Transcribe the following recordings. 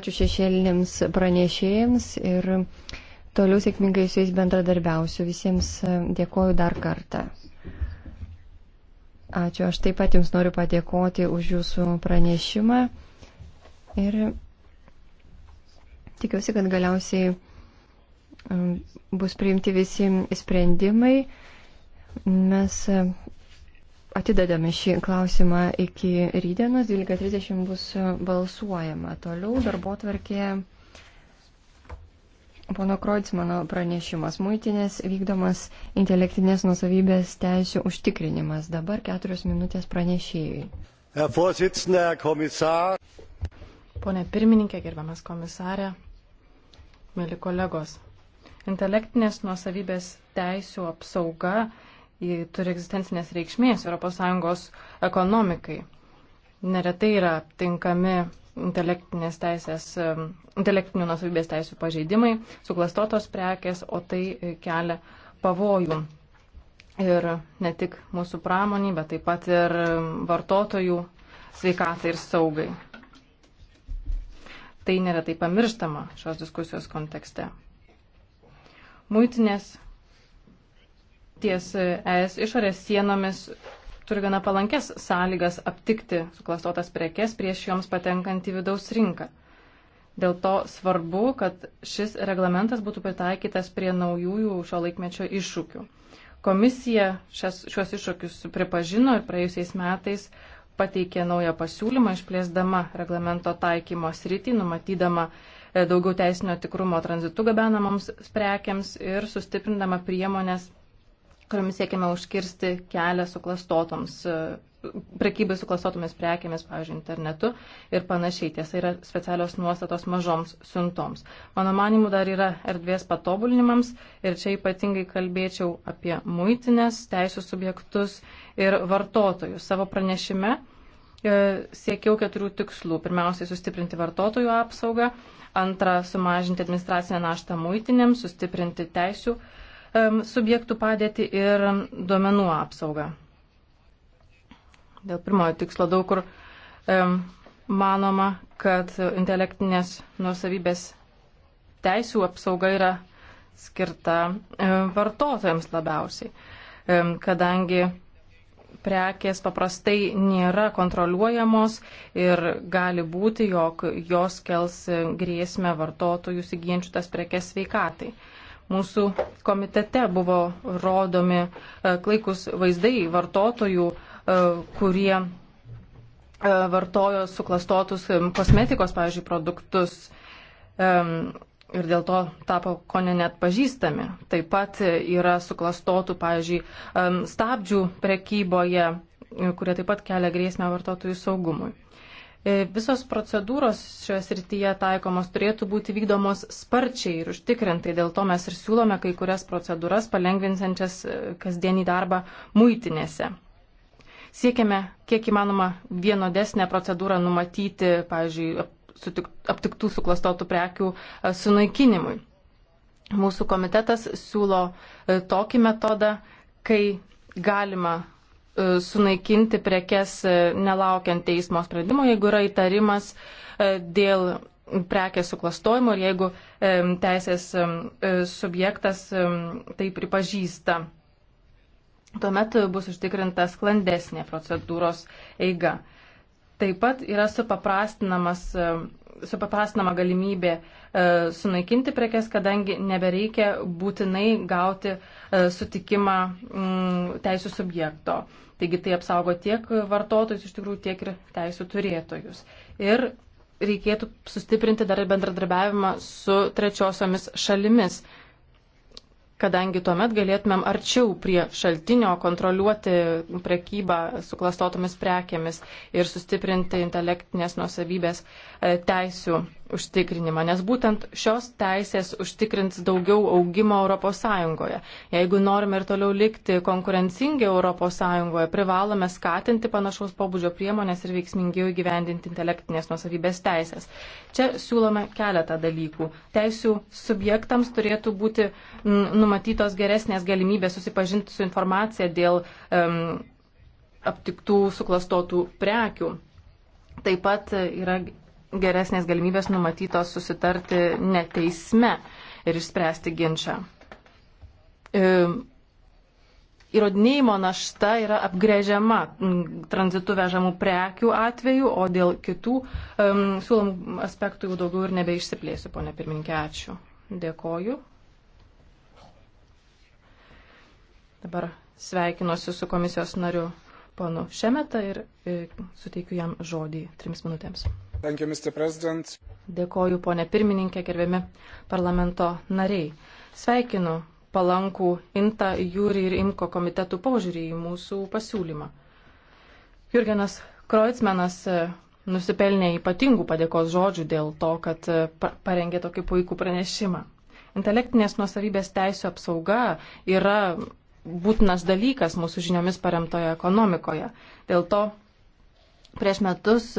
Ačiū šešėlinėms pranešėjams ir toliau sėkmingai su jais bendradarbiausiu. Visiems e, dėkoju dar kartą. Ačiū. Aš taip pat Jums noriu padėkoti už Jūsų pranešimą. Ir tikiuosi, kad galiausiai e, bus priimti visi sprendimai. Mes e, atidedame šį klausimą iki rydienos, 12.30 bus balsuojama. Toliau darbo tvarkė pono Kroitsmano pranešimas. Muitinės vykdomas intelektinės nusavybės teisų užtikrinimas. Dabar keturios minutės pranešėjui. Pone pirmininkė, gerbiamas komisarė, mėly kolegos. Intelektinės nuosavybės teisų apsauga ji turi egzistencinės reikšmės ES ekonomikai. Neretai yra aptinkami intelektinės teisės, intelektinių nusavybės teisų pažeidimai, suklastotos prekės, o tai kelia pavojų. Ir ne tik mūsų pramoniai, bet taip pat ir vartotojų sveikatai ir saugai. Tai neretai pamirštama šios diskusijos kontekste. Muitinės ties e, ES išorės sienomis turi gana palankes sąlygas aptikti suklastotas prekes prieš joms patenkant į vidaus rinką. Dėl to svarbu, kad šis reglamentas būtų pritaikytas prie naujųjų šio laikmečio iššūkių. Komisija šias, šios iššūkius pripažino ir praėjusiais metais pateikė naują pasiūlymą išplėsdama reglamento taikymo sritį, numatydama e, daugiau teisinio tikrumo tranzitu gabenamoms prekiams ir sustiprindama priemonės kuriomis siekime užkirsti kelią suklastotoms e, prekybai su klastotomis prekėmis, pavyzdžiui, internetu ir panašiai. Tiesa, yra specialios nuostatos mažoms siuntoms. Mano manimu, dar yra erdvės patobulinimams ir čia ypatingai kalbėčiau apie muitinės, teisų subjektus ir vartotojus. Savo pranešime e, siekiau keturių tikslų. Pirmiausiai, sustiprinti vartotojų apsaugą. Antra, sumažinti administracinę naštą muitinėms, sustiprinti teisų subjektų padėtį ir duomenų apsaugą. Dėl pirmojo tikslo daug kur manoma, kad intelektinės nuosavybės teisų apsauga yra skirta e, vartotojams labiausiai, kadangi prekės paprastai nėra kontroliuojamos ir gali būti, jog jos kels e, grėsmę vartotojų įsigijančių tas prekes sveikatai. Mūsų komitete buvo rodomi e, klaikus vaizdai vartotojų, e, kurie e, vartojo suklastotus kosmetikos, pavyzdžiui, produktus ir dėl to tapo ko ne net pažįstami. Taip pat yra suklastotų, pavyzdžiui, stabdžių prekyboje, kurie taip pat kelia grėsmę vartotojų saugumui. E, visos procedūros šioje srityje taikomos turėtų būti vykdomos sparčiai ir užtikrintai. Dėl to mes ir siūlome kai kurias procedūras palengvinsančias e, kasdienį darbą muitinėse. Siekiame kiek įmanoma vienodesnę procedūrą numatyti, pavyzdžiui, sutik, aptiktų suklastotų prekių e, sunaikinimui. Mūsų komitetas siūlo tokį metodą, kai galima E, sunaikinti prekes e, nelaukiant teismo sprendimo, jeigu yra įtarimas e, dėl prekės suklastojimo ir jeigu teisės subjektas tai pripažįsta. Tuomet bus užtikrinta sklandesnė procedūros eiga. Taip pat yra supaprastinamas supapastinama galimybė e, sunaikinti prekes, kadangi nebereikia būtinai gauti e, sutikimą m, mm, teisų subjekto. Taigi tai apsaugo tiek vartotojus, iš tikrųjų, tiek ir teisų turėtojus. Ir reikėtų sustiprinti dar ir bendradarbiavimą su trečiosiomis šalimis, kadangi tuomet galėtumėm arčiau prie šaltinio kontroliuoti prekybą suklastotomis prekėmis ir sustiprinti intelektinės nusavybės e, teisių užtikrinimą, nes būtent šios teisės užtikrins daugiau augimo ES. Jeigu norime ir toliau likti konkurencingi ES, privalome skatinti panašaus pobūdžio priemonės ir veiksmingiau įgyvendinti intelektinės nusavybės teisės. Čia siūlome keletą dalykų. Teisių subjektams turėtų būti mm, numatytos geresnės galimybės susipažinti su informacija dėl um, aptiktų suklastotų prekių. Taip pat yra geresnės galimybės numatytos susitarti ne teisme ir išspręsti ginčą. E, įrodinėjimo našta yra apgrėžiama tranzitu vežamų prekių atveju, o dėl kitų um, siūlomų aspektų jau daugiau ir nebeišsiplėsiu, ponė pirminkė, ačiū. Dėkoju. Dabar sveikinuosi su komisijos nariu ponu Šemeta ir, ir e, suteikiu jam žodį trims minutėms. You, Dėkoju, ponė pirmininkė, gerbiami parlamento nariai. Sveikinu palankų INTA, JURI ir IMKO komitetų požiūrį į mūsų pasiūlymą. Jurgenas Kreutzmenas e, nusipelnė ypatingų padėkos žodžių dėl to, kad e, parengė tokį puikų pranešimą. Intelektinės nuosavybės teisų apsauga yra būtinas dalykas mūsų žiniomis paremtoje ekonomikoje. Dėl to Prieš metus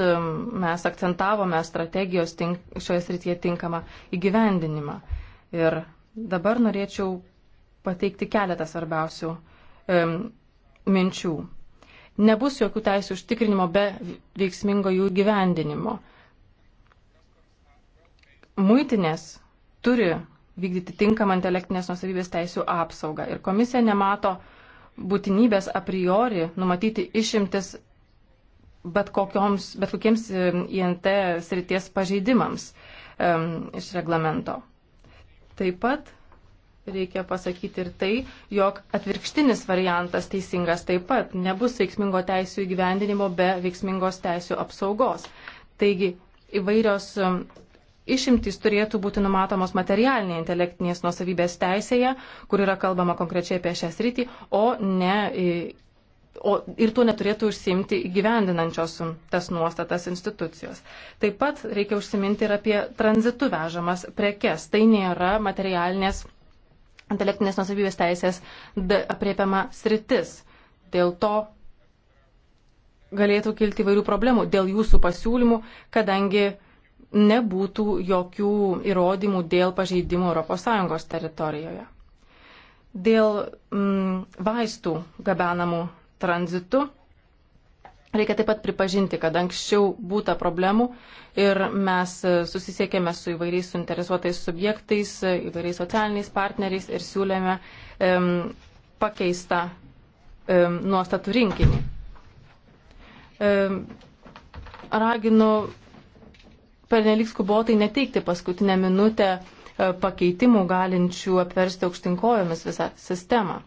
mes akcentavome strategijos tink, šioje srityje tinkamą įgyvendinimą. Ir dabar norėčiau pateikti keletą svarbiausių e, minčių. Nebus jokių teisų užtikrinimo be veiksmingo jų gyvendinimo. Muitinės turi vykdyti tinkamą intelektinės nusavybės teisų apsaugą ir komisija nemato būtinybės a priori numatyti išimtis bet, kokioms, bet kokiems INT srities pažeidimams um, iš reglamento. Taip pat reikia pasakyti ir tai, jog atvirkštinis variantas teisingas taip pat nebus veiksmingo teisų įgyvendinimo be veiksmingos teisų apsaugos. Taigi įvairios išimtys turėtų būti numatomos materialinėje intelektinės nuosavybės teisėje, kur yra kalbama konkrečiai apie šią sritį, o ne O ir tuo neturėtų užsimti įgyvendinančios tas nuostatas institucijos. Taip pat reikia užsiminti ir apie tranzitu vežamas prekes. Tai nėra materialinės intelektinės nusavybės teisės apriepiama sritis. Dėl to galėtų kilti vairių problemų dėl jūsų pasiūlymų, kadangi nebūtų jokių įrodymų dėl pažeidimų ES teritorijoje. Dėl mm, vaistų gabenamų tranzitu. Reikia taip pat pripažinti, kad anksčiau būta problemų ir mes e, susisiekėme su įvairiais suinteresuotais subjektais, e, įvairiais socialiniais partneriais ir siūlėme um, pakeistą um, nuostatų rinkinį. Um, raginu pernelik skubotai neteikti paskutinę minutę uh, pakeitimų galinčių apversti aukštinkojomis visą sistemą.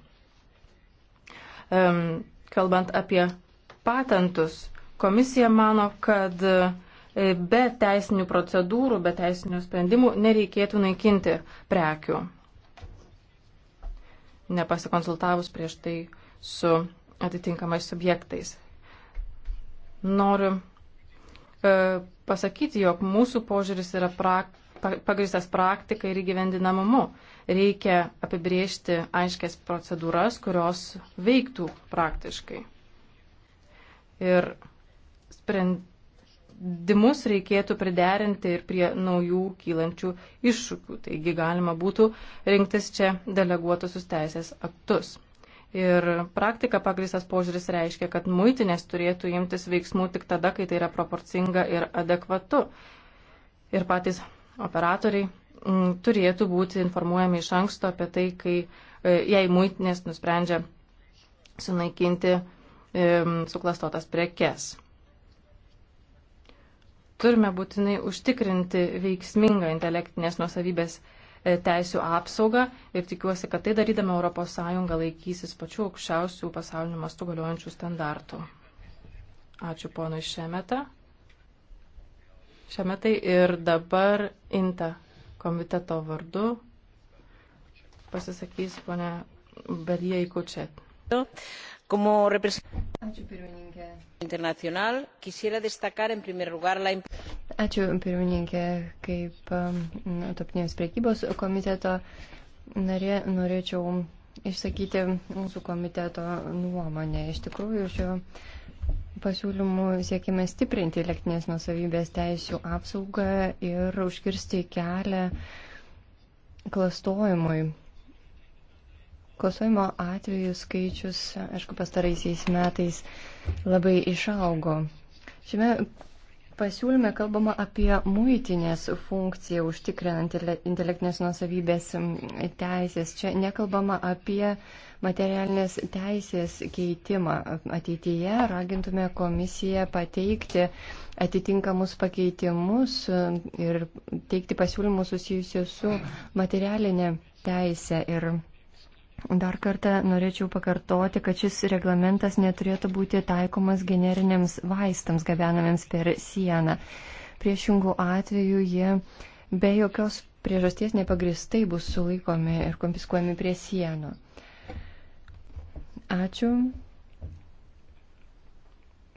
Um, Kalbant apie patentus, komisija mano, kad e, be teisinių procedūrų, be teisinių sprendimų nereikėtų naikinti prekių. Nepasikonsultavus prieš tai su atitinkamais subjektais. Noriu e, pasakyti, jog mūsų požiūris yra prak, pagristas praktika ir įgyvendinamumu. Reikia apibriežti aiškias procedūras, kurios veiktų praktiškai. Ir sprendimus reikėtų priderinti ir prie naujų kylančių iššūkių. Taigi galima būtų rinktis čia deleguotusius teisės aktus. Ir praktika pagristas požiūris reiškia, kad muitinės turėtų imtis veiksmų tik tada, kai tai yra proporcinga ir adekvatu. Ir patys operatoriai mm, turėtų būti informuojami iš anksto apie tai, kai e, jei muitinės nusprendžia sunaikinti e, suklastotas prekes. Turime būtinai užtikrinti veiksmingą intelektinės nusavybės e, teisų apsaugą ir tikiuosi, kad tai darydama ES laikysis pačių aukščiausių pasaulinių mastų galiojančių standartų. Ačiū ponui Šemeta šiame tai ir dabar Inta komiteto vardu pasisakys ponia Berija Ikučet. Como representante internacional, quisiera destacar en primer lugar la Ačiū pirmininkė, kaip um, Topinės priekybos komiteto narė norėčiau išsakyti mūsų komiteto nuomonę. Iš tikrųjų, šio pasiūlymų siekime stiprinti elektinės nusavybės teisų apsaugą ir užkirsti kelią klastojimui. Klastojimo atvejų skaičius, aišku, pastaraisiais metais labai išaugo. Šiame Pasiūlyme kalbama apie muitinės funkciją užtikrinant intelektinės nusavybės teisės. Čia nekalbama apie materialinės teisės keitimą. Ateityje ragintume komisiją pateikti atitinkamus pakeitimus e, ir teikti pasiūlymus susijusius su materialinė teisė ir Dar kartą norėčiau pakartoti, kad šis reglamentas neturėtų būti taikomas generiniams vaistams gabenamiems per sieną. Priešingų atveju jie be jokios priežasties nepagristai bus sulaikomi ir konfiskuojami prie sienų. Ačiū.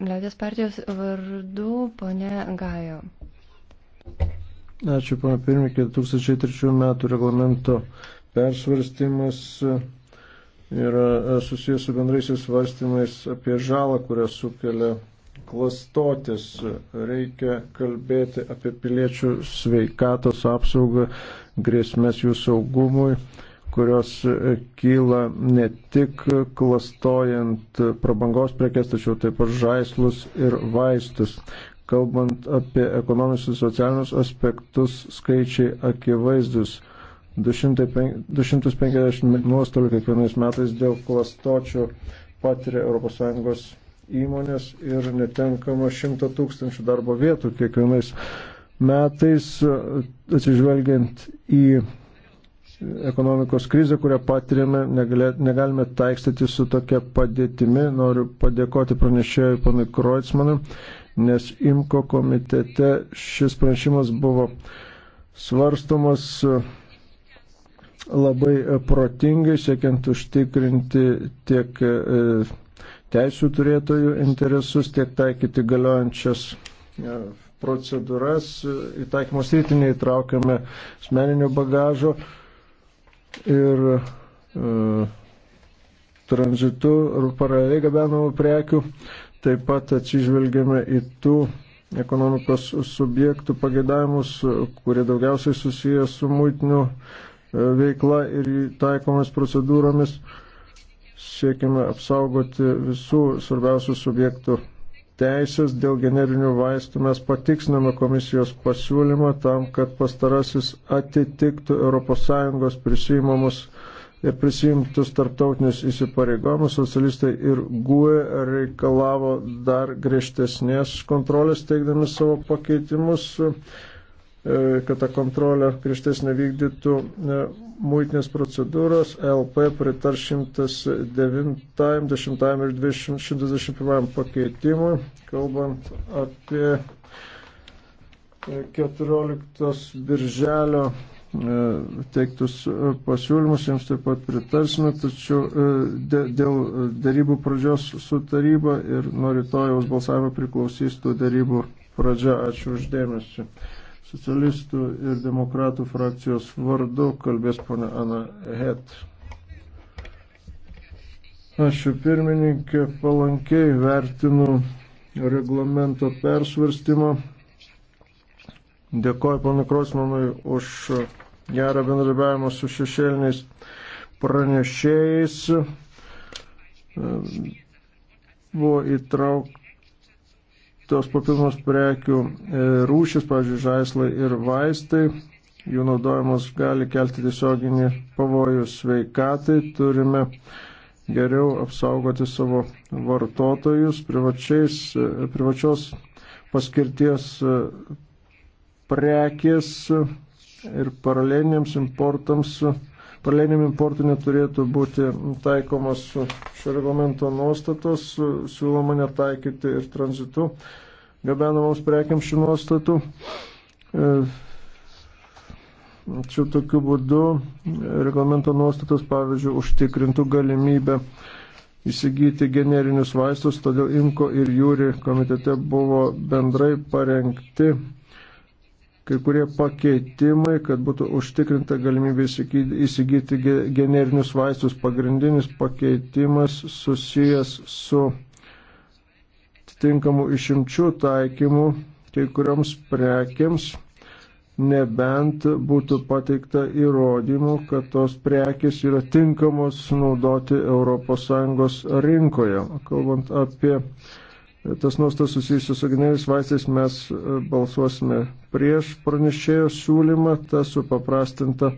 Liaudės partijos vardu ponė Gajo. Ačiū, pana pirmininkė, 2003 metų reglamento persvarstymas yra e, susijęs su bendraisiais svarstymais apie žalą, kurią sukelia klastotis. Reikia kalbėti apie piliečių sveikatos apsaugą, grėsmės jų saugumui kurios e, kyla ne tik klastojant prabangos prekes, tačiau taip pat žaislus ir vaistus. Kalbant apie ekonominius ir socialinius aspektus, skaičiai akivaizdus. 250 nuostolių kiekvienais metais dėl klastočių patiria ES įmonės ir netenkama 100 tūkstančių darbo vietų kiekvienais metais, atsižvelgiant į ekonomikos krizę, kurią patiriame, negalime taikstyti su tokia padėtimi. Noriu padėkoti pranešėjui panui Kroitsmanui, nes IMKO komitete šis pranešimas buvo svarstomas labai e, protingai, siekiant užtikrinti tiek e, teisų turėtojų interesus, tiek taikyti galiojančias e, procedūras. Į taikymo sritį neįtraukiame asmeninio bagažo ir e, tranzitu ir paraleliai gabenamų prekių. Taip pat atsižvelgiame į tų ekonomikos subjektų pagėdavimus, kurie daugiausiai susijęs su muitiniu veikla ir taikomas procedūromis siekime apsaugoti visų svarbiausių subjektų teisės dėl generinių vaistų. Mes patiksname komisijos pasiūlymą tam, kad pastarasis atitiktų ES prisimamus ir prisimtus tarptautinius įsipareigomus. Socialistai ir GUE reikalavo dar griežtesnės kontrolės teikdami savo pakeitimus. E, kad tą kontrolę griežtesnė vykdytų e, muitinės procedūros, LP pritar 109, 10 ir 221 pakeitimui, kalbant apie 14 e, birželio teiktus pasiūlymus, jiems taip pat pritarsime, tačiau dėl darybų pradžios su taryba ir nuo rytojaus balsavimo priklausys tų darybų pradžia. Ačiū uždėmesi. Socialistų ir demokratų frakcijos vardu kalbės pana Ana Het. Ačiū pirmininkė, palankiai vertinu reglamento persvarstymą. Dėkoju panu Krosmanui už gerą bendradarbiavimą su šešėliniais pranešėjais. Buvo įtraukta tos papildomos prekių e, rūšis, pavyzdžiui, žaislai ir vaistai, jų naudojimas gali kelti tiesioginį pavojų sveikatai, turime geriau apsaugoti savo vartotojus e, privačios paskirties e, prekės ir paraleliniams importams paraleliniam importui neturėtų būti taikomas šio reglamento nuostatos, siūloma netaikyti ir tranzitu gabenamoms prekiam šių nuostatų. E, Čia tokiu būdu reglamento nuostatos, pavyzdžiui, užtikrintų galimybę įsigyti generinius vaistus, todėl Imko ir Jūri komitete buvo bendrai parengti kai kurie pakeitimai, kad būtų užtikrinta galimybė įsigyti generinius vaistus. Pagrindinis pakeitimas susijęs su atitinkamų išimčių taikymu kai kurioms prekiams, nebent būtų pateikta įrodymų, kad tos prekis yra tinkamos naudoti ES rinkoje. Kalbant apie tas nuostas susijusius su generiniais vaistais mes e, balsuosime prieš pranešėjo siūlymą, ta supaprastinta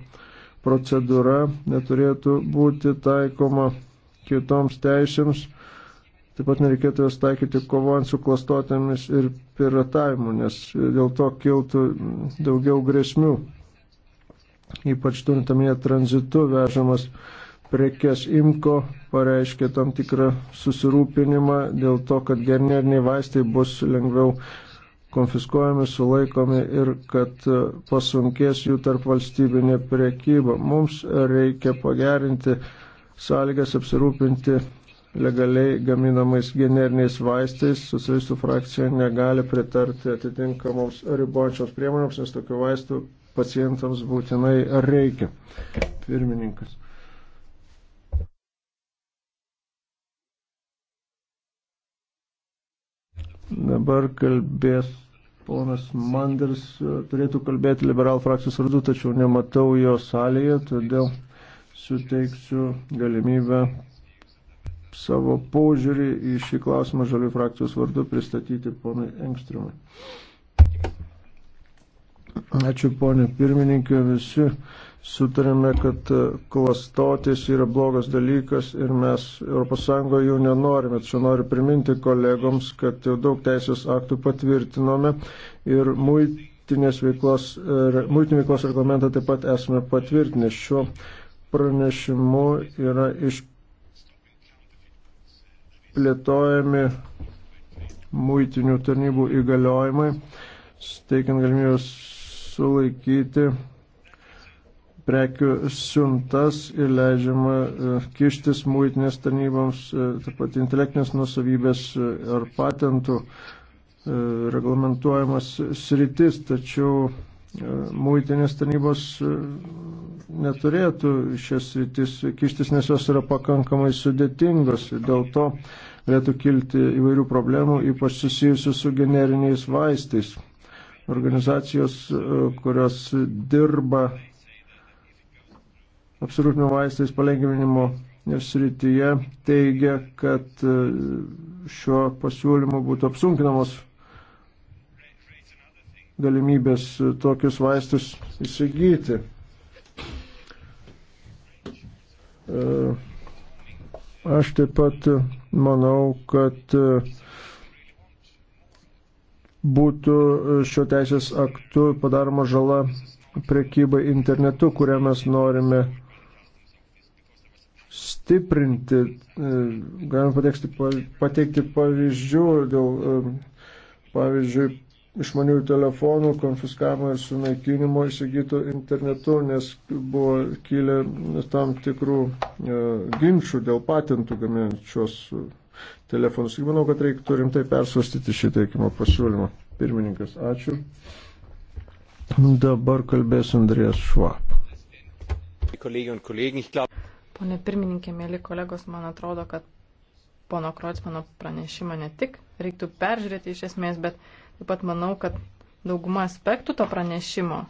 procedūra neturėtų būti taikoma kitoms teisėms. Taip pat nereikėtų jos taikyti kovojant su klastotėmis ir piratavimu, nes dėl to kiltų daugiau grėsmių, ypač turintamie tranzitu vežamas prekes Imko pareiškė tam tikrą susirūpinimą dėl to, kad generiniai vaistai bus lengviau konfiskuojami, sulaikomi ir kad e, pasunkės jų tarp valstybinė priekyba. Mums reikia pagerinti sąlygas apsirūpinti legaliai gaminamais generiniais vaistais. Socialistų frakcija negali pritarti atitinkamoms ribojančioms priemonėms, nes tokių vaistų pacientams būtinai reikia. Pirmininkas. Dabar kalbės ponas Manders, turėtų kalbėti liberal frakcijos vardu, tačiau nematau jo salėje, todėl suteiksiu galimybę savo požiūrį į šį klausimą žalių frakcijos vardu pristatyti ponui Engstrumui. Ačiū ponė pirmininkė, visi sutarėme, kad e, klastotis yra blogas dalykas ir mes ES jų nenorime. Čia noriu priminti kolegoms, kad jau daug teisės aktų patvirtinome ir muitinės veiklos, muitinės veiklos reglamentą taip pat esame patvirtinę. Šiuo pranešimu yra išplėtojami muitinių tarnybų įgaliojimai, steikiant galimybės sulaikyti prekių siuntas ir leidžiama e, kištis muitinės tarnyboms, e, taip pat intelektinės nusavybės e, ar patentų reglamentuojamas sritis, tačiau muitinės tarnybos neturėtų šias sritis kištis, nes jos yra pakankamai sudėtingos ir dėl to galėtų kilti įvairių problemų, ypač susijusių su generiniais vaistais. Organizacijos, kurios dirba apsirūpinimo vaistais palengvinimo srityje teigia, kad e, šiuo pasiūlymu būtų apsunkinamos galimybės tokius vaistus įsigyti. E, aš taip pat manau, kad e, būtų šio teisės aktu padaroma žala prekybai internetu, kurią mes norime stiprinti. E, Galime pateikti, pateikti pavyzdžių dėl, e, pavyzdžiui, išmaniųjų telefonų konfiskavimo ir sunaikinimo įsigytų internetu, nes buvo kilę tam tikrų e, ginčių dėl patentų gaminant šios telefonus. Manau, kad reiktų rimtai persvastyti šį teikimo pasiūlymą. Pirmininkas, ačiū. Dabar kalbės Andrės Švab. Kolleginnen und Kollegen, ich glaube, Pone pirmininkė, mėly kolegos, man atrodo, kad pono Kroicmano pranešimą ne tik reiktų peržiūrėti iš esmės, bet taip pat manau, kad dauguma aspektų to pranešimo,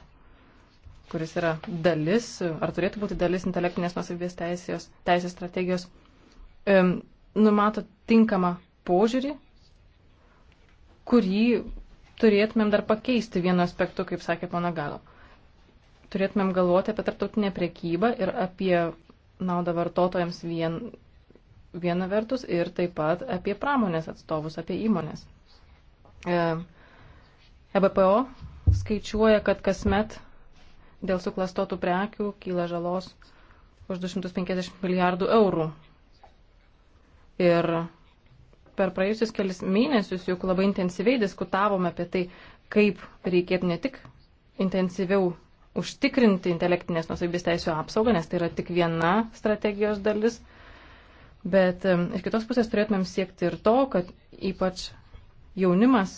kuris yra dalis, ar turėtų būti dalis intelektinės nusavybės teisės, teisės strategijos, um, numato tinkamą požiūrį, kurį turėtumėm dar pakeisti vienu aspektu, kaip sakė pana Galo. Turėtumėm galvoti apie tarptautinę priekybą ir apie naudą vartotojams vien, viena vertus ir taip pat apie pramonės atstovus, apie įmonės. EBPO e skaičiuoja, kad kasmet dėl suklastotų prekių kyla žalos už 250 milijardų eurų. Ir per praėjusius kelis mėnesius juk labai intensyviai diskutavome apie tai, kaip reikėtų ne tik intensyviau užtikrinti intelektinės nusavybės teisų apsaugą, nes tai yra tik viena strategijos dalis. Bet iš kitos pusės turėtumėm siekti ir to, kad ypač jaunimas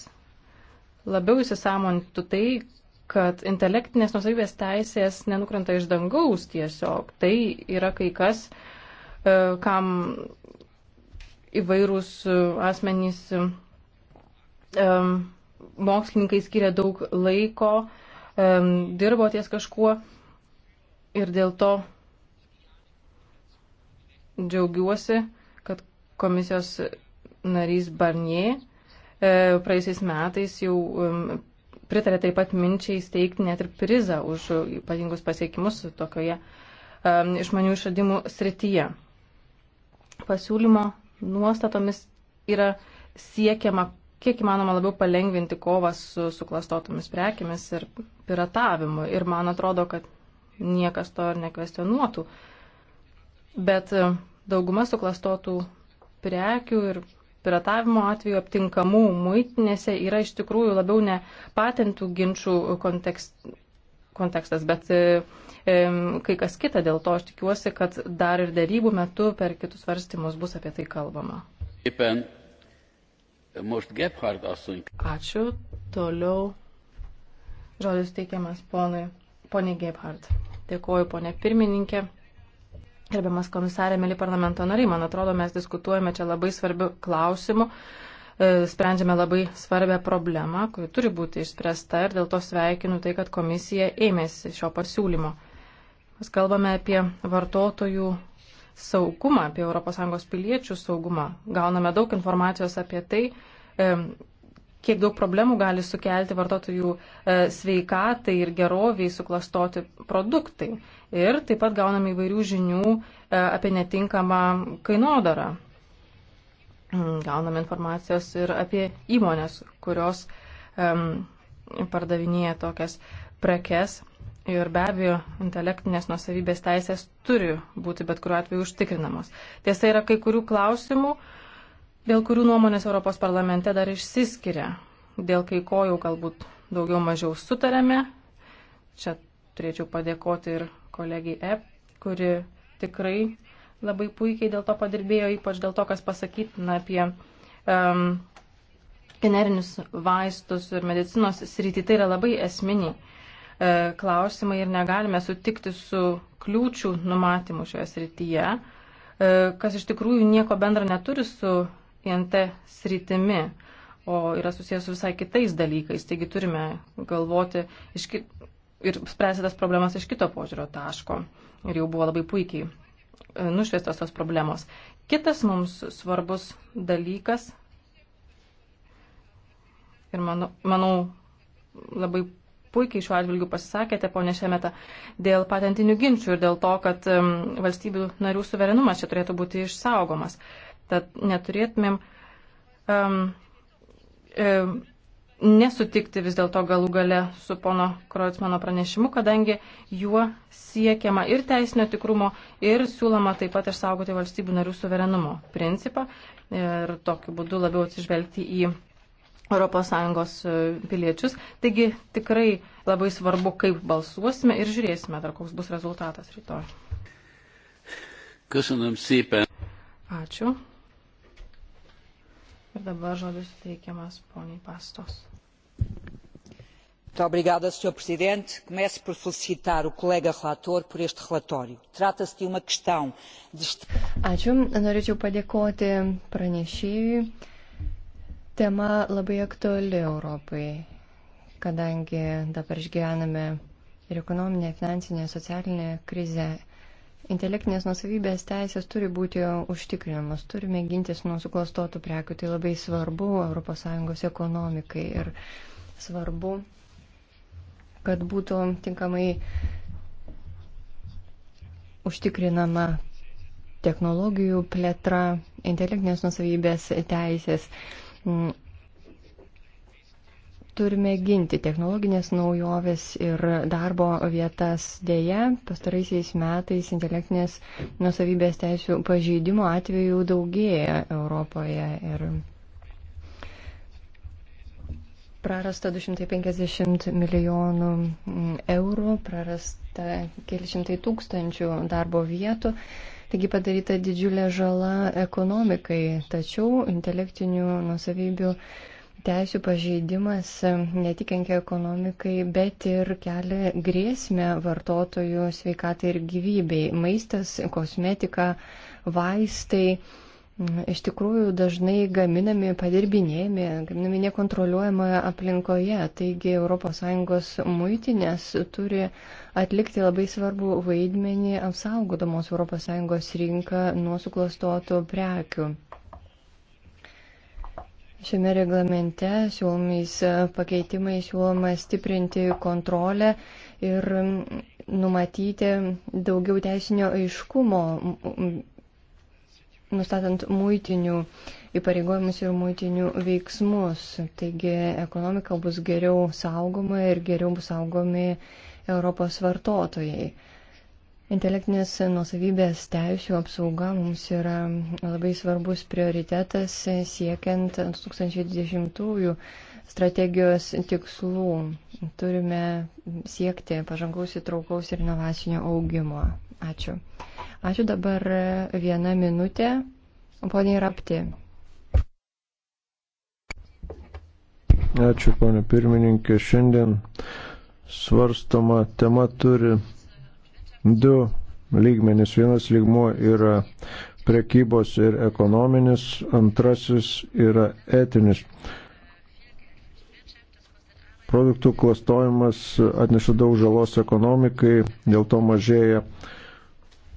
labiau įsisamontų tai, kad intelektinės nusavybės teisės nenukrenta iš dangaus tiesiog. Tai yra kai kas, e, kam įvairūs e, asmenys e, mokslininkai skiria daug laiko, um, dirbo ties kažkuo ir dėl to džiaugiuosi, kad komisijos narys Barnier e, praeisiais metais jau pritarė taip pat minčiai steigti net ir prizą už ypatingus pasiekimus tokioje išmanių išradimų srityje. Pasiūlymo nuostatomis yra siekiama kiek įmanoma labiau palengvinti kovą su suklastotomis prekėmis ir piratavimui. Ir man atrodo, kad niekas to ir nekvestionuotų. Bet e, dauguma suklastotų prekių ir piratavimo atveju aptinkamų muitinėse yra iš tikrųjų labiau ne patentų ginčių kontekst, kontekstas, bet e, e kai kas kita. Dėl to aš tikiuosi, kad dar ir darybų metu per kitus varstymus bus apie tai kalbama. Ačiū. Toliau Žodis teikiamas ponui, poniai Gebhardt. Dėkuoju, ponė pirmininkė. Gerbiamas komisarė, mėly parlamento nariai, man atrodo, mes diskutuojame čia labai svarbių klausimų, e, sprendžiame labai svarbę problemą, kuri turi būti išspręsta ir dėl to sveikinu tai, kad komisija ėmėsi šio pasiūlymo. Mes kalbame apie vartotojų saugumą, apie ES piliečių saugumą. Gauname daug informacijos apie tai, e, kiek daug problemų gali sukelti vartotojų e, sveikatai ir geroviai suklastoti produktai. Ir taip pat gauname įvairių žinių e, apie netinkamą kainodarą. Mm, gauname informacijos ir apie įmonės, kurios um, pardavinėja tokias prekes. Ir be abejo, intelektinės nusavybės teisės turi būti bet kuriuo atveju užtikrinamos. Tiesa, yra kai kurių klausimų, uh, dėl kurių nuomonės Europos parlamente dar išsiskiria. Dėl kai ko jau galbūt daugiau mažiau sutarėme. Čia turėčiau padėkoti ir kolegijai E, kuri tikrai labai puikiai dėl to padirbėjo, ypač dėl to, kas pasakytina apie um, generinius vaistus ir medicinos srity. Tai yra labai esminiai e, klausimai ir negalime sutikti su kliūčių numatymu šioje srityje, e, kas iš tikrųjų nieko bendra neturi su INT sritimi, o yra susijęs su visai kitais dalykais. Taigi turime galvoti kit... ir spręsti tas problemas iš kito požiūrio taško. Ir jau buvo labai puikiai e, nušviestos tos problemos. Kitas mums svarbus dalykas, ir manau, manau labai puikiai šiuo atžvilgiu pasisakėte, ponė Šemeta, dėl patentinių ginčių ir dėl to, kad um, valstybių narių suverenumas čia turėtų būti išsaugomas. Uh, Tad neturėtumėm um, um, nesutikti vis dėlto galų gale su pono Kroitsmano pranešimu, kadangi juo siekiama ir teisinio tikrumo, ir siūloma taip pat išsaugoti valstybių narių suverenumo principą ir tokiu būdu labiau atsižvelgti į ES e, piliečius. Taigi tikrai labai svarbu, kaip balsuosime ir žiūrėsime dar, koks bus rezultatas rytoj. Köszönöm szépen. Ačiū. Ir dabar žodis suteikiamas poniai pastos. Muito obrigada, Sr. Presidente. Começo por felicitar o colega relator por este relatório. Trata-se de uma questão de. Ačiū. Norėčiau padėkoti pranešėjui. Tema labai aktuali Europai, kadangi dabar išgyvename ir ekonominę, finansinę, socialinę krizę Intelektinės nusavybės teisės turi būti užtikrinamos, turime gintis nuo suklastotų prekių. Tai labai svarbu ES ekonomikai ir svarbu, kad būtų tinkamai užtikrinama technologijų plėtra, intelektinės nusavybės teisės turime ginti technologinės naujoves ir darbo vietas. Deja, pastaraisiais metais intelektinės nusavybės teisų pažeidimo atvejų daugėja Europoje ir prarasta 250 milijonų eurų, prarasta keli šimtai tūkstančių darbo vietų. Taigi padaryta didžiulė žala ekonomikai, tačiau intelektinių nusavybių teisų pažeidimas e, ne tik kenkia ekonomikai, bet ir kelia grėsmę vartotojų sveikatai ir gyvybei. Maistas, kosmetika, vaistai iš tikrųjų dažnai gaminami, padirbinėjami, gaminami nekontroliuojamoje aplinkoje. Taigi ES muitinės turi atlikti labai svarbu vaidmenį apsaugodamos ES rinką nuo suklastotų prekių. Šiame reglamente siūlomais e, pakeitimais siūloma stiprinti kontrolę ir numatyti daugiau teisinio aiškumo, nustatant muitinių įpareigojimus ir muitinių veiksmus. Taigi ekonomika bus geriau saugoma ir geriau bus saugomi Europos vartotojai. Intelektinės nusavybės teisų apsauga mums yra labai svarbus prioritetas siekiant 2020 strategijos tikslų. Turime siekti pažangaus įtraukaus ir inovacinio augimo. Ačiū. Ačiū dabar vieną minutę. Poniai Rapti. Ačiū, ponė pirmininkė. Šiandien svarstoma tema turi du lygmenis. Vienas lygmuo yra prekybos ir ekonominis, antrasis yra etinis. Produktų klastojimas atneša daug žalos ekonomikai, dėl to mažėja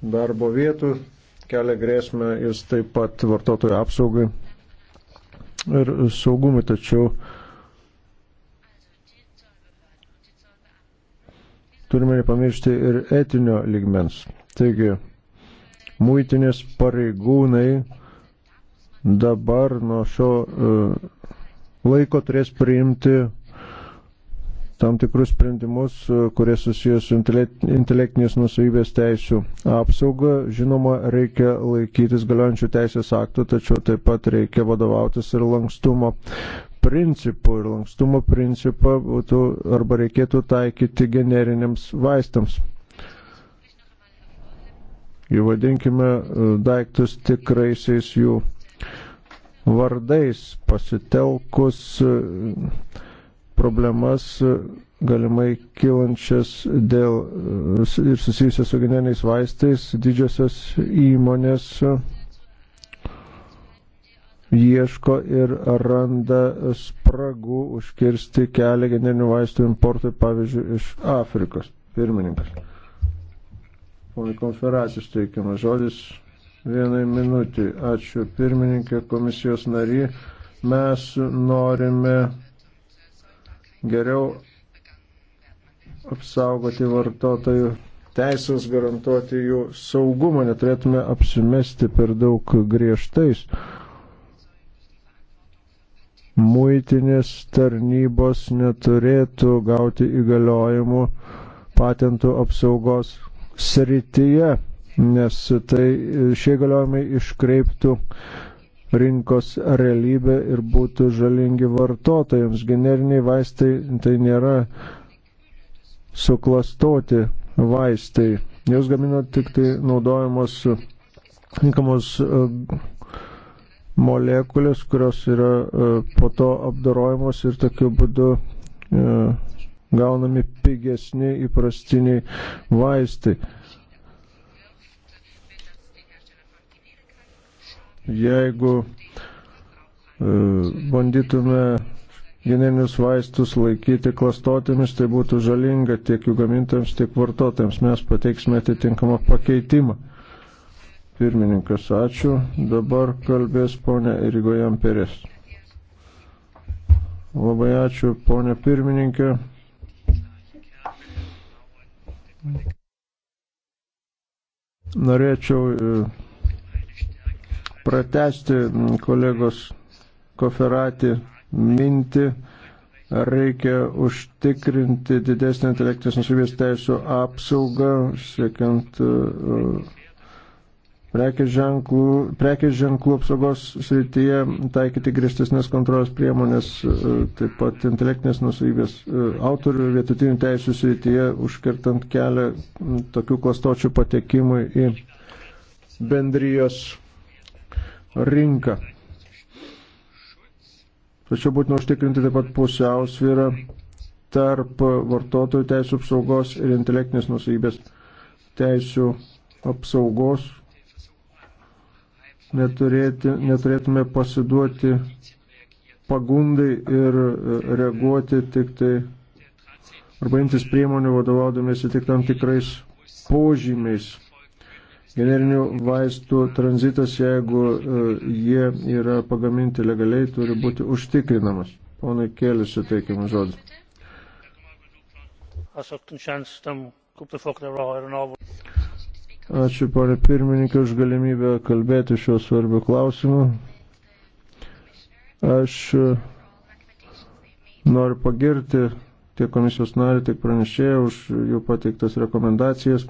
darbo vietų, kelia grėsmę jis taip pat vartotojų apsaugai ir saugumui, tačiau uh, turime nepamiršti ir etinio ligmens. Taigi, muitinės pareigūnai dabar nuo šio e, laiko turės priimti tam tikrus sprendimus, e, kurie susijęs su intelektinės nusavybės teisų apsauga. Žinoma, reikia laikytis galiojančių teisės aktų, tačiau taip pat reikia vadovautis ir lankstumo principų ir lankstumo principą būtų arba reikėtų taikyti generiniams vaistams. Įvadinkime e, daiktus tikraisiais jų vardais, pasitelkus e, problemas e, galimai kilančias dėl ir susijusias su generiniais vaistais didžiosios įmonės ieško ir randa spragų užkirsti kelią generinių vaistų importui, pavyzdžiui, iš Afrikos. Pirmininkas. Ponai konferacijos teikiamas žodis vienai minutį. Ačiū pirmininkė, komisijos nary. Mes norime geriau apsaugoti vartotojų teisės, garantuoti jų saugumą, neturėtume apsimesti per daug griežtais muitinės tarnybos neturėtų gauti įgaliojimų patentų apsaugos srityje, nes tai šie įgaliojimai iškreiptų rinkos realybę ir būtų žalingi vartotojams. Generiniai vaistai tai nėra suklastoti vaistai. Jos gamina tik tai naudojamos tinkamos molekulės, kurios yra e, po to apdarojamos ir tokiu būdu e, gaunami pigesni įprastiniai vaistai. Jeigu e, bandytume generinius vaistus laikyti klastotėmis, tai būtų žalinga tiek jų gamintojams, tiek vartotojams. Mes pateiksime atitinkamą pakeitimą. Pirmininkas, ačiū. Dabar kalbės ponė Irigojam Perės. Labai ačiū, ponė pirmininkė. Norėčiau e, pratesti kolegos koferatį mintį, reikia užtikrinti didesnį intelektinės nusivės teisų apsaugą, siekiant uh, prekės ženklų, prekės ženklų apsaugos srityje taikyti griežtesnės kontrolės priemonės, e, taip pat intelektinės nusavybės e, autorių ir vietutinių teisų srityje, užkirtant kelią tokių klastočių patekimui į bendrijos rinką. Tačiau būtina užtikrinti taip pat pusiausvyrą tarp vartotojų teisų apsaugos ir intelektinės nusavybės teisų apsaugos neturėti, neturėtume pasiduoti pagundai ir e, reaguoti tik tai arba imtis priemonių vadovaudamėsi tik tam tikrais požymiais. Generinių vaistų tranzitas, jeigu e, jie yra pagaminti legaliai, turi būti užtikrinamas. Ponai Kėlis suteikiamas žodis. Ačiū, ponė pirmininkė, už galimybę kalbėti šiuo svarbiu klausimu. Aš e, noriu pagirti tiek komisijos narį, tiek pranešėją už jų pateiktas rekomendacijas.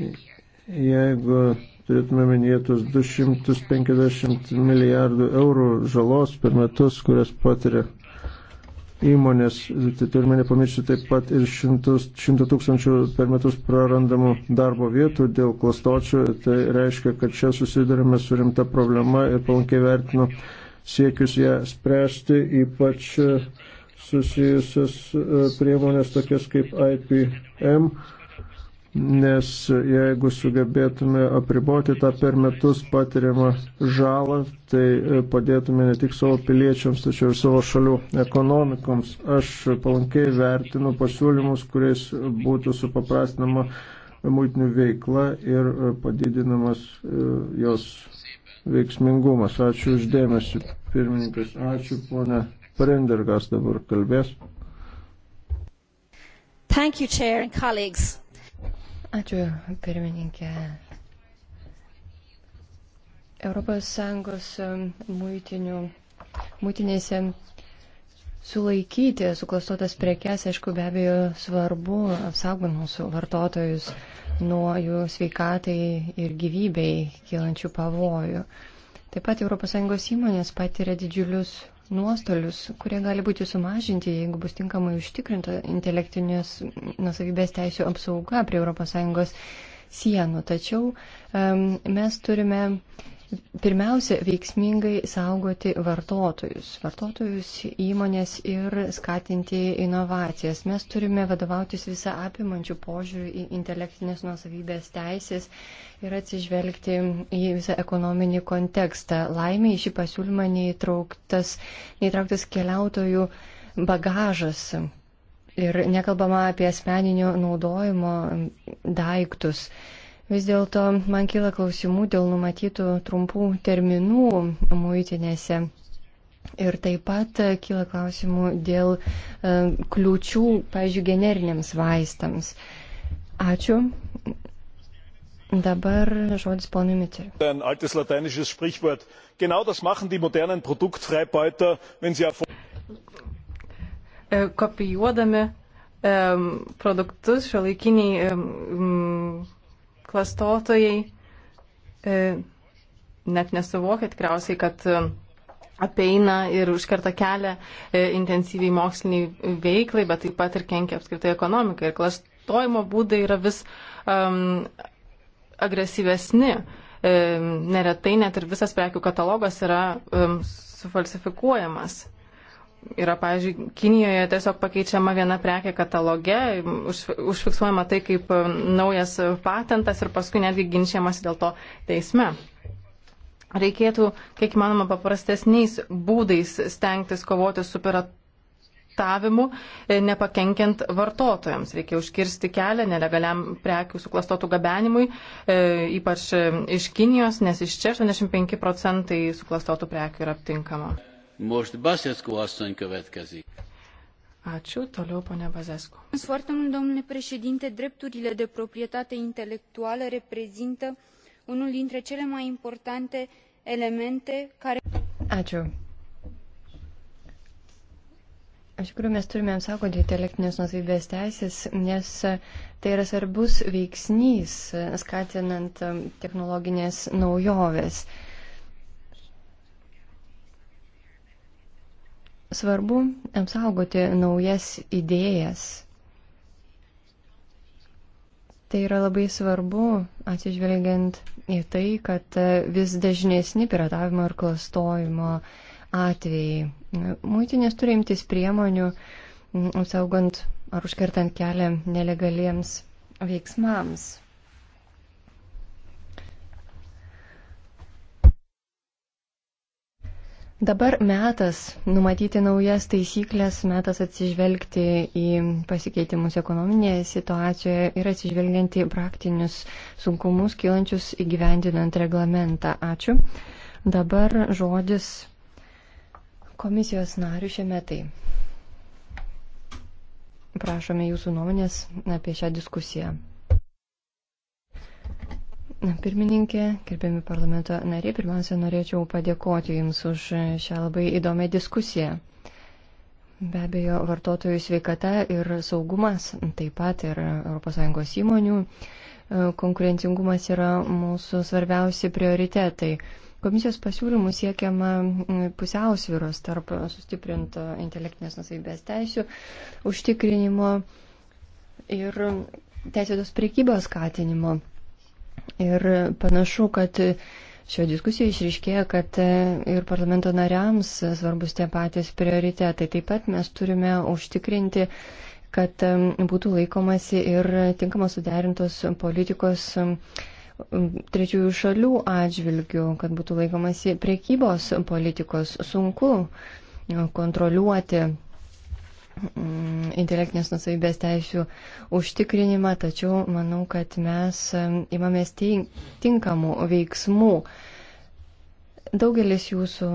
Jeigu turėtume minėtus 250 milijardų eurų žalos per metus, kurias patiria įmonės, tai turime nepamiršti taip pat ir šimtus, šimtų tūkstančių per metus prarandamų darbo vietų dėl klastočių, tai reiškia, kad čia susidurime su rimta problema ir palankiai vertinu siekius ją spręsti, ypač e, susijusias e, priemonės tokias kaip IPM nes jeigu sugebėtume apriboti tą per metus patiriamą žalą, tai e, padėtume ne tik savo piliečiams, tačiau ir savo šalių ekonomikoms. Aš palankiai vertinu pasiūlymus, kuriais būtų supaprastinama mūtinių veikla ir e, padidinamas e, jos veiksmingumas. Ačiū uždėmesi, pirmininkas. Ačiū, ponė Prendergas dabar kalbės. Thank you, Chair and colleagues. Ačiū, pirmininkė. Europos Sąjungos um, muitinių, muitinėse sulaikyti suklastotas prekes, aišku, be abejo svarbu apsaugant mūsų vartotojus nuo jų sveikatai ir gyvybei kylančių pavojų. Taip pat ES įmonės patiria didžiulius nuostolius, kurie gali būti sumažinti, jeigu bus tinkamai užtikrinta intelektinės nusavybės teisų apsauga prie ES sienų. Tačiau um, mes turime pirmiausia, veiksmingai saugoti vartotojus, vartotojus įmonės ir skatinti inovacijas. Mes turime vadovautis visą apimančių požiūrį į intelektinės nuosavybės teisės ir atsižvelgti į visą ekonominį kontekstą. Laimė į šį pasiūlymą neįtrauktas, neįtrauktas keliautojų bagažas. Ir nekalbama apie asmeninio naudojimo daiktus. Vis dėlto man kyla klausimų dėl numatytų trumpų terminų muitinėse. Ir taip pat kyla klausimų dėl e, kliūčių, pavyzdžiui, generiniams vaistams. Ačiū. Dabar žodis ponui Mitchell. Ein altes lateinisches Sprichwort. Genau das machen die modernen Produktfreibeuter, wenn sie e, Kopijuodami um, produktus šiuolaikiniai um, klastotojai e, net nesuvokia tikriausiai, kad e, apeina ir užkerta kelią e, intensyviai moksliniai veiklai, bet taip pat ir kenkia apskritai ekonomikai. Ir klastojimo būdai yra vis um, agresyvesni. E, neretai net ir visas prekių katalogas yra um, sufalsifikuojamas yra, pavyzdžiui, Kinijoje tiesiog pakeičiama viena prekė kataloge, už, užfiksuojama tai kaip e, naujas patentas ir paskui netgi ginčiamas dėl to teisme. Reikėtų, kiek įmanoma, paprastesniais būdais stengtis kovoti su piratavimu, e, nepakenkiant vartotojams. Reikia užkirsti kelią nelegaliam prekių suklastotų gabenimui, e, ypač iš Kinijos, nes iš čia 85 procentai suklastotų prekių yra aptinkama. Most Basescu asszony következik. Ačiū, toliau ponia Bazescu. domnule președinte, drepturile de proprietate intelectuală reprezintă unul dintre cele mai importante elemente care. Ačiū. Iš tikrųjų, mes turime apsaugoti intelektinės nusavybės teisės, nes tai yra svarbus veiksnys, skatinant technologinės naujoves. Uh, Svarbu apsaugoti naujas idėjas. Tai yra labai svarbu, atsižvelgiant į tai, kad vis dažnesni piratavimo ir klastojimo atvejai. Muitinės turi imtis priemonių, apsaugant ar užkertant kelią nelegaliems veiksmams. Dabar metas numatyti naujas taisyklės, metas atsižvelgti į pasikeitimus ekonominėje situacijoje ir atsižvelgiant į praktinius sunkumus kylančius įgyvendinant reglamentą. Ačiū. Dabar žodis komisijos narių šiame tai. Prašome jūsų nuomonės apie šią diskusiją. Pirmininkė, gerbiami parlamento nariai, pirmiausia, norėčiau padėkoti Jums už šią labai įdomią diskusiją. Be abejo, vartotojų sveikata ir saugumas, taip pat ir ES įmonių e, konkurencingumas yra mūsų svarbiausi prioritetai. Komisijos pasiūlymų siekiama pusiausvyros tarp sustiprinto intelektinės nusaibės teisų, užtikrinimo ir teisėtos priekybos skatinimo. Ir panašu, kad šio diskusijoje išriškėja, kad ir parlamento nariams svarbus tie patys prioritetai. Taip pat mes turime užtikrinti, kad būtų laikomasi ir tinkamos suderintos politikos um, um, trečiųjų šalių atžvilgių, kad būtų laikomasi priekybos politikos. Sunku uh, kontroliuoti Mm, intelektinės nusavybės teisų užtikrinimą, tačiau manau, kad mes imamės tinkamų veiksmų. Daugelis jūsų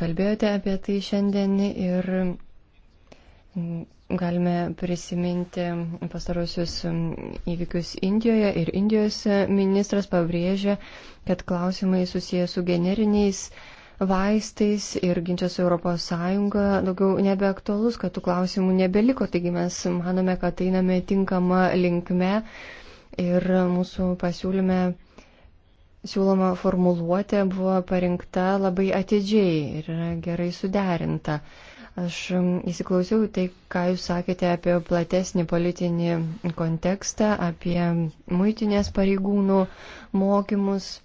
kalbėjote apie tai šiandien ir mm, galime prisiminti pastarosius įvykius Indijoje ir Indijos ministras pabrėžė, kad klausimai susijęs su generiniais uh, vaistais ir ginčias Europos Sąjunga daugiau nebeaktualus, kad tų klausimų nebeliko, taigi mes manome, kad einame tinkama linkme ir mūsų pasiūlyme siūloma formuluotė buvo parinkta labai atidžiai ir gerai suderinta. Aš įsiklausiau tai, ką jūs sakėte apie platesnį politinį kontekstą, apie muitinės pareigūnų mokymus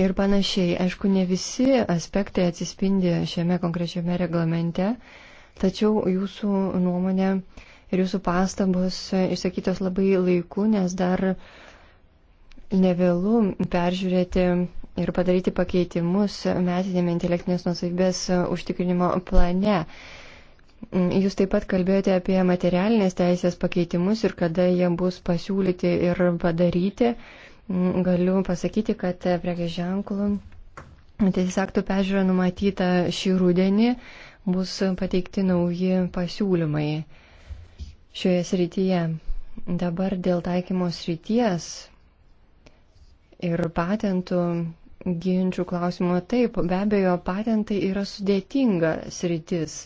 ir panašiai. Aišku, ne visi aspektai atsispindi šiame konkrečiame reglamente, tačiau jūsų nuomonė ir jūsų pastabos išsakytos labai laiku, nes dar nevėlu peržiūrėti ir padaryti pakeitimus metinėme intelektinės nusavybės užtikrinimo plane. Jūs taip pat kalbėjote apie materialinės teisės pakeitimus ir kada jie bus pasiūlyti ir padaryti galiu pasakyti, kad prekės ženklų teisės aktų pežiūra numatyta šį rudenį bus pateikti nauji pasiūlymai šioje srityje. Dabar dėl taikymo srities ir patentų ginčių klausimo taip, be abejo, patentai yra sudėtinga sritis.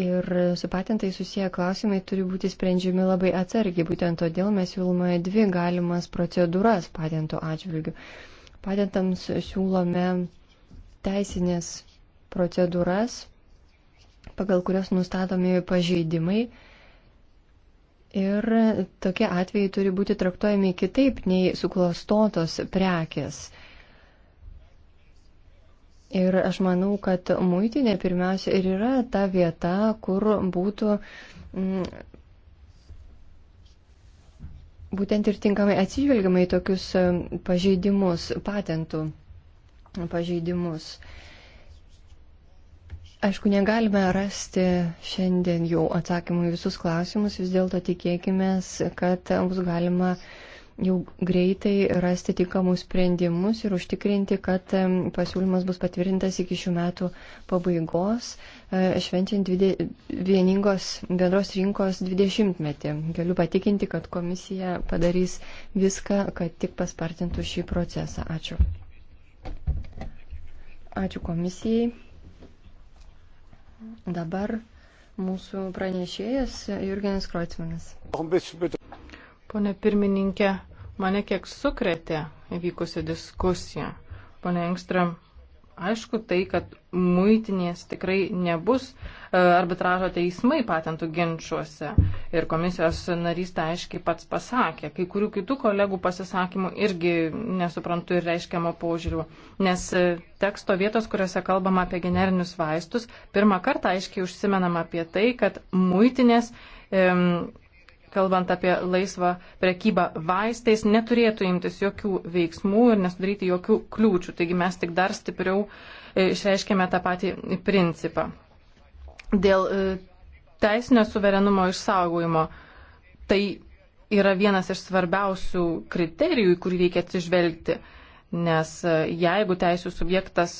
Ir su patentai susiję klausimai turi būti sprendžiami labai atsargiai. Būtent todėl mes siūlome dvi galimas procedūras patento atžvilgių. Patentams siūlome teisinės procedūras, pagal kurias nustatomi pažeidimai. Ir tokie atvejai turi būti traktuojami kitaip nei suklastotos prekės. Ir aš manau, kad muitinė pirmiausia ir yra ta vieta, kur būtų m, mm, būtent ir tinkamai atsižvelgiama į tokius mm, pažeidimus, patentų pažeidimus. Aišku, negalime rasti šiandien jau atsakymų į visus klausimus, vis dėlto tikėkime, kad bus galima uh, jau greitai rasti tikamus sprendimus ir užtikrinti, kad pasiūlymas bus patvirtintas iki šių metų pabaigos, e, švenčiant dvide, vieningos bendros rinkos 20-metį. Galiu patikinti, kad komisija padarys viską, kad tik paspartintų šį procesą. Ačiū. Ačiū komisijai. Dabar mūsų pranešėjas Jurgenis Kreutzmanas. Pone pirmininkė, mane kiek sukretė įvykusi diskusija. Pone Engstram, aišku tai, kad muitinės tikrai nebus e, arbitražo teismai patentų ginčiuose. Ir komisijos narys tai aiškiai pats pasakė. Kai kurių kitų kolegų pasisakymų irgi nesuprantu ir reiškiamo požiūrių. Nes e, teksto vietos, kuriuose kalbama apie generinius vaistus, pirmą kartą aiškiai užsimenama apie tai, kad muitinės. Um, kalbant apie laisvą prekybą vaistais, neturėtų imtis jokių veiksmų ir nesudaryti jokių kliūčių. Taigi mes tik dar stipriau e, išreiškėme tą patį principą. Dėl e, teisinio suverenumo išsaugojimo tai yra vienas iš svarbiausių kriterijų, į kurį reikia atsižvelgti, nes e, jeigu teisų subjektas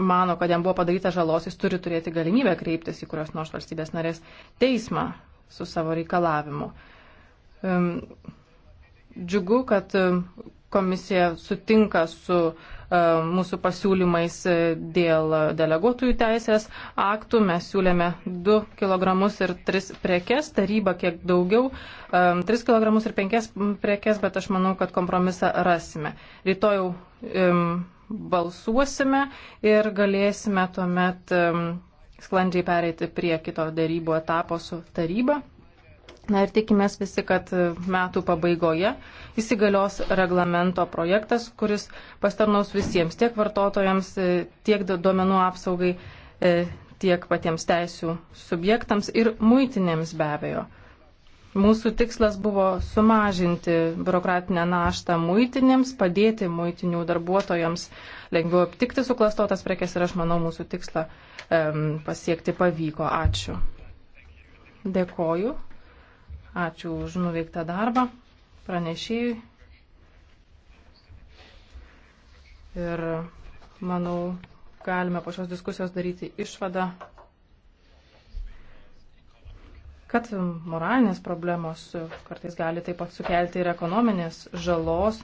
mano, kad jam buvo padaryta žalos, jis turi turėti galimybę kreiptis į kurios nors valstybės narės teismą su savo reikalavimu. Džiugu, kad komisija sutinka su mūsų pasiūlymais e, dėl deleguotųjų teisės aktų. Mes siūlėme 2 kg ir 3 prekes, taryba kiek daugiau, 3 kg ir 5 prekes, bet aš manau, kad kompromisą rasime. Rytoj balsuosime ir galėsime tuomet sklandžiai pereiti prie kito darybų etapo su taryba. Na ir tikimės visi, kad metų pabaigoje įsigalios reglamento projektas, kuris pastarnaus visiems, tiek vartotojams, tiek duomenų apsaugai, e, tiek patiems teisų subjektams ir muitinėms be abejo. Mūsų tikslas buvo sumažinti biurokratinę naštą muitinėms, padėti muitinių darbuotojams uh, lengviau aptikti suklastotas prekes ir aš manau mūsų tikslą um, pasiekti pavyko. Ačiū. Dėkoju. Ačiū už nuveiktą darbą pranešėjui. Ir manau, galime po šios diskusijos daryti išvadą, kad moralinės problemos kartais gali taip pat sukelti ir ekonominės žalos